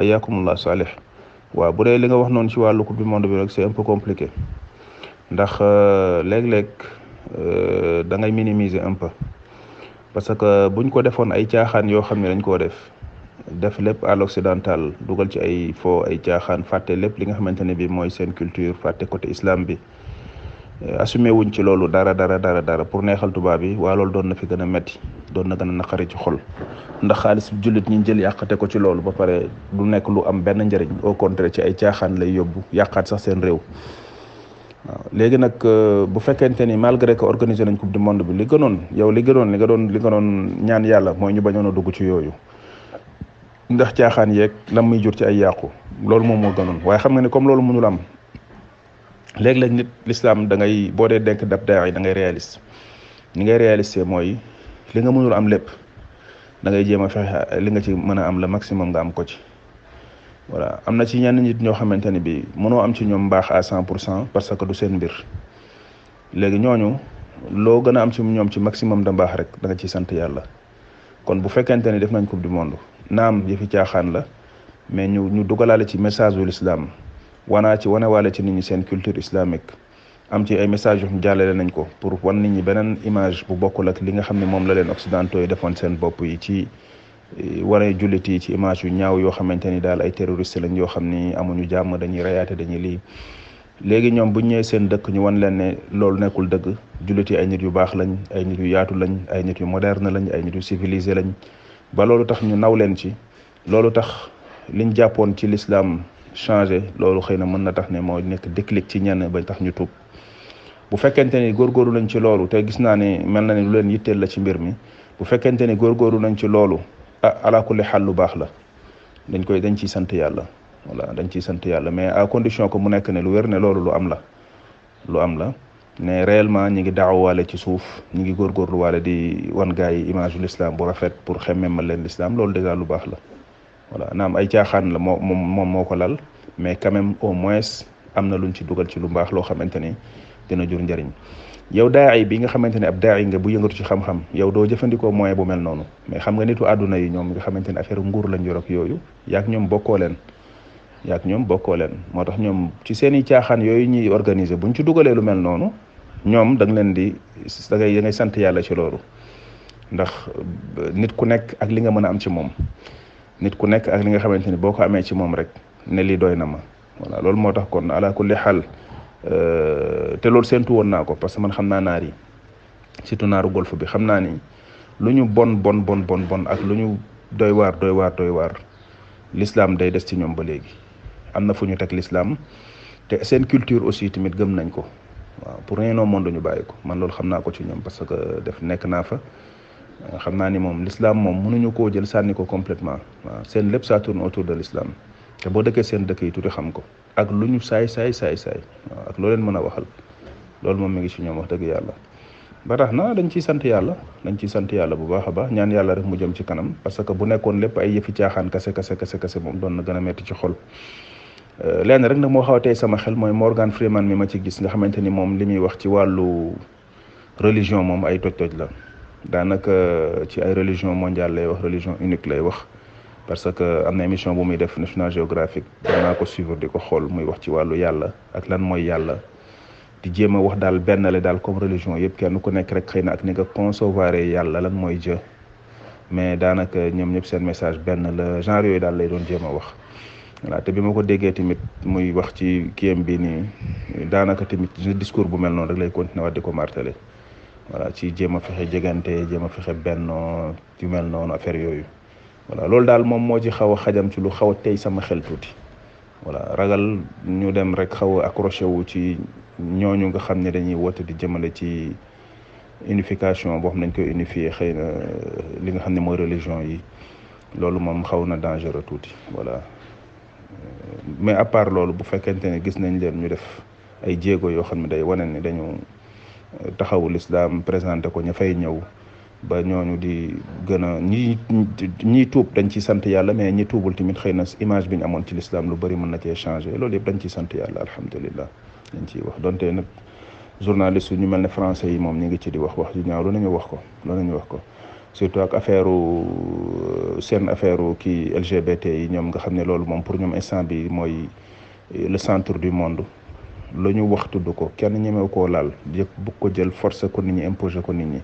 xayaakumullah saalih waaw bu dee li nga wax noonu ci wàllu coupe du monde bi rek c'est un peu compliqué ndax euh, léeg-léeg euh, da ngay minimiser un peu parce que buñ ko defoon ay caaxaan yoo xam ne dañ koo def def lépp à l'occidental dugal ci ay fo ay caaxaan fàtte lépp li nga xamante ne bi mooy seen culture fàtte côté islam bi Euh, assumé wuñ ci loolu dara dara dara dara pour neexal tubaab yi waa loolu doon na fi gën a metti doon na gën a naqari ci xol ndax xaalis jullit ñi jël yàqate ko ci loolu ba pare du nekk lu am benn njëriñ au contraire ci ay caaxaan lay yóbbu yàqaat sax seen réew waaw léegi nag euh, bu fekkente ni malgré que organisé nañ coupe du monde bi li gënoon yow li gënoon li nga doon li nga doon ñaan yàlla mooy ñu bañoon a dugg ci yooyu ndax caaxaan yeeg lam muy jur ci ay yàqu loolu moom moo waaye xam nga ni comme loolu mënul am léegi léeg nit l'islam da ngay boo dee denk dab daa yi da ngay réaliste ni ngay réaliste mooy li nga mënul am lépp dangay jéem a fexe li nga ci mën a am le maximum nga am ko ci voilà am na ci ñenn nit ñoo xamante ne bi mënoo am ci ñoom mbaax à cent pour cent parce que du seen mbir léegi ñooñu loo gën a am ci ñoom ci maximum de mbaax rek da nga ciy sant yàlla kon bu fekkente ni def nañ coupe du monde naam yëfi caaxaan la mais ñu ñu dugalaale ci message wu l'islam wanaa ci wanewaale ci nit ñi seen culture islamique am ci ay message yoo xam jàllale nañ ko pour wan nit ñi beneen image bu bokkul ak li nga xam ne moom la leen occidentaux yi defoon seen bopp yi ci eh, wane jullit yi ci image yu ñaaw yoo xamante ni daal ay terroriste lañ yoo xam ni amuñu jàmm dañuy reyaate dañuy lii léegi ñoom bu ñëwee seen dëkk ñu wan leen ne loolu nekkul dëgg jullit ay nit yu baax lañ ay nit yu yaatu lañ ay nit yu moderne lañ ay nit yu civilisé lañ ba loolu tax ñu naw leen ci loolu tax liñ jàppoon ci lislaam changé lolu xeyna mën na tax ne moo nek déclic ci ñenn bay tax ñu tup bu fekkente ni gor goru lañ ci lolu te gis na ne mel na ni lu leen yittel la ci mbir mi bu fekkente ni gor goru nañ ci lolu ala kulli hal lu baax la dañ koy dañ ci sante yàlla wala dañ ci sante yàlla mais à condition que mu nek ne lu wér ne lolu lu am la lu am la ne réellement ñi ngi daawaale ci suuf ñi ngi gor góorgóorlu waale di wan gaay image l'islam bu rafet pour xemmemmal leen l'islam lolu dèjà lu bax la voilà naam ay caaxaan la moo moom moom moo ko lal mais quand même au moins am na lu luñ ci dugal ci lu mbaax loo xamante ne dina jur njariñ yow daay bi nga xamante ne ab daay nga bu yëngatu ci xam-xam yow doo jëfandikoo moyen bu mel noonu mais xam nga nitu àdduna yi ñoom nga xamante ne affaire nguur lañ yor yooyu yaak ñoom bokkoo leen yaak ñoom bokkoo leen moo tax ñoom ci seen i caaxaan yooyu ñuy organiser buñ ci dugalee lu mel noonu ñoom da leen di da ngay sant yàlla ci loolu ndax nit ku nekk ak li nga mën a am ci moom nit ku nekk ak li nga xamante ni boo ko amee ci moom rek ne lii doy na ma voilà loolu moo tax kon ala kulli xaal euh, te loolu séntu woon naa ko parce que man xam naa naar yi surtout naaru golf bi xam naa ni lu ñu bon bon bon bon bon ak lu ñu doy waar doy waar doy waar l'islam day des ci ñoom ba léegi am na fu ñu teg l'islam te seen culture aussi tamit gëm nañ ko waaw pour rien au monde ñu bàyyi ko man loolu xam naa ko ci ñoom parce que def nekk naa fa xam naa ni moom l'islam moom mënuñu koo jël sànni ko complètement waaw seen lépp ça tourne autour de l'islam te boo dëkkee seen dëkk yi tuuti xam ko ak lu ñu saay saay saay saay waaw ak loo leen mën a waxal loolu moom mi ngi ci ñoom wax dëgg yàlla ba tax na dañ ciy sant yàlla dañ ci sant yàlla bu baax a baax ñaan yàlla rek mu jëm ci kanam parce que bu nekkoon lépp ay yëfi caaxaan kase kase kase kase moom doon na gën a metti ci xol euh, lenn rek nag moo xaw a sama xel mooy Morgan Freeman mi ma ci gis nga xamante ni moom li muy wax ci wàllu religion moom ay toj daanaka euh, ci ay religion mondiale lay wax religion unique lay wax parce que am na émission bu muy def National Geographic danaa ko suivre di ko xool muy wax ci wàllu yàlla ak lan mooy yàlla di jéem a wax daal benn la daal comme religion yëpp kenn ku nekk rek xëy na ak ni nga concevoir yàlla lan mooy Dieu mais daanaka ñoom ñëpp seen message benn la genre yooyu daal lay doon jéem a wax voilà te bi ma ko déggee tamit muy wax ci kiyam bi nii daanaka tamit discours bu mel noonu rek lay continuer di ko martelé voilà ci jéem a fexe jegante jéem a fexe benn yu mel noonu affaire yooyu voilà loolu daal moom moo ci xaw a xajam ci lu xaw a tey sama xel tuuti voilà ragal ñu dem rek xaw a accroché wu ci ñooñu nga xam ne dañuy woote di jëmale ci unification boo xam nañ koy unifié xëy na euh, li nga xam ne mooy religion yi loolu moom xaw na dangereux tuuti voilà euh, mais à part loolu bu fekkente ne gis nañ leen ñu def ay jéego yoo xam ne day wane ne dañu taxaw lislaam présenté ko ña fay ñëw ba ñooñu di gën a ñi ñii tuub dañ ci sant yàlla mais ñi tuubul tamit xëy na image bi ñu amoon ci lislaam lu bëri mën na cee changé loolu yëpp dañ ciy sant yàlla alhamdulilah dañ ciy wax donte nag journaliste yu ñu mel ne français yi moom ñu ngi ci di wax wax ju ñaaw lu ñu wax ko lu nañu wax ko surtout ak affaire euh, seen affaire kii LGBT yi ñoom nga xam ne loolu moom pour ñoom instant bi mooy le centre du monde la ñu wax tudd ko kenn ñemew koo laal yëpp bu ko jël force ko nit ñi imposé ko nit ñi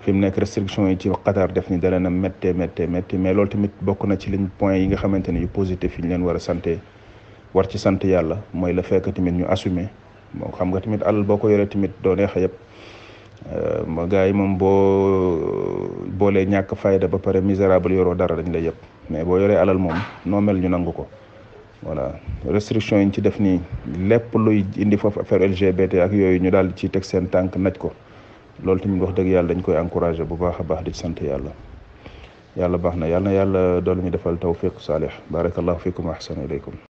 fi mu nekk restriction yi ci Qatar def ni dana na méttee méttee métti mais loolu tamit bokk na ci liñ point yi nga xamante ne yu positif yi ñu leen war a santé war ci sant yàlla mooy la fekk tamit ñu assumer moo xam nga tamit alal boo ko yoree tamit doo neex yëpp euh, ma gars yi moom boo boolee ñàkk fayda ba pare misérable yoro dara dañ lay yëpp mais boo yoree alal moom noo ñu nangu ko voilà restriction yi ñu ci def nii lépp luy indi foofu affaire LGBT ak yooyu ñu daal ci teg seen tànk naj ko loolu tamit wax dëgg yàlla dañ koy encouragé bu baax a baax di ci sant yàlla yàlla baax na yàlla na yàlla doolu ñu defal tawfiq saalih barakallahu fikum wa ahsanu ilaykum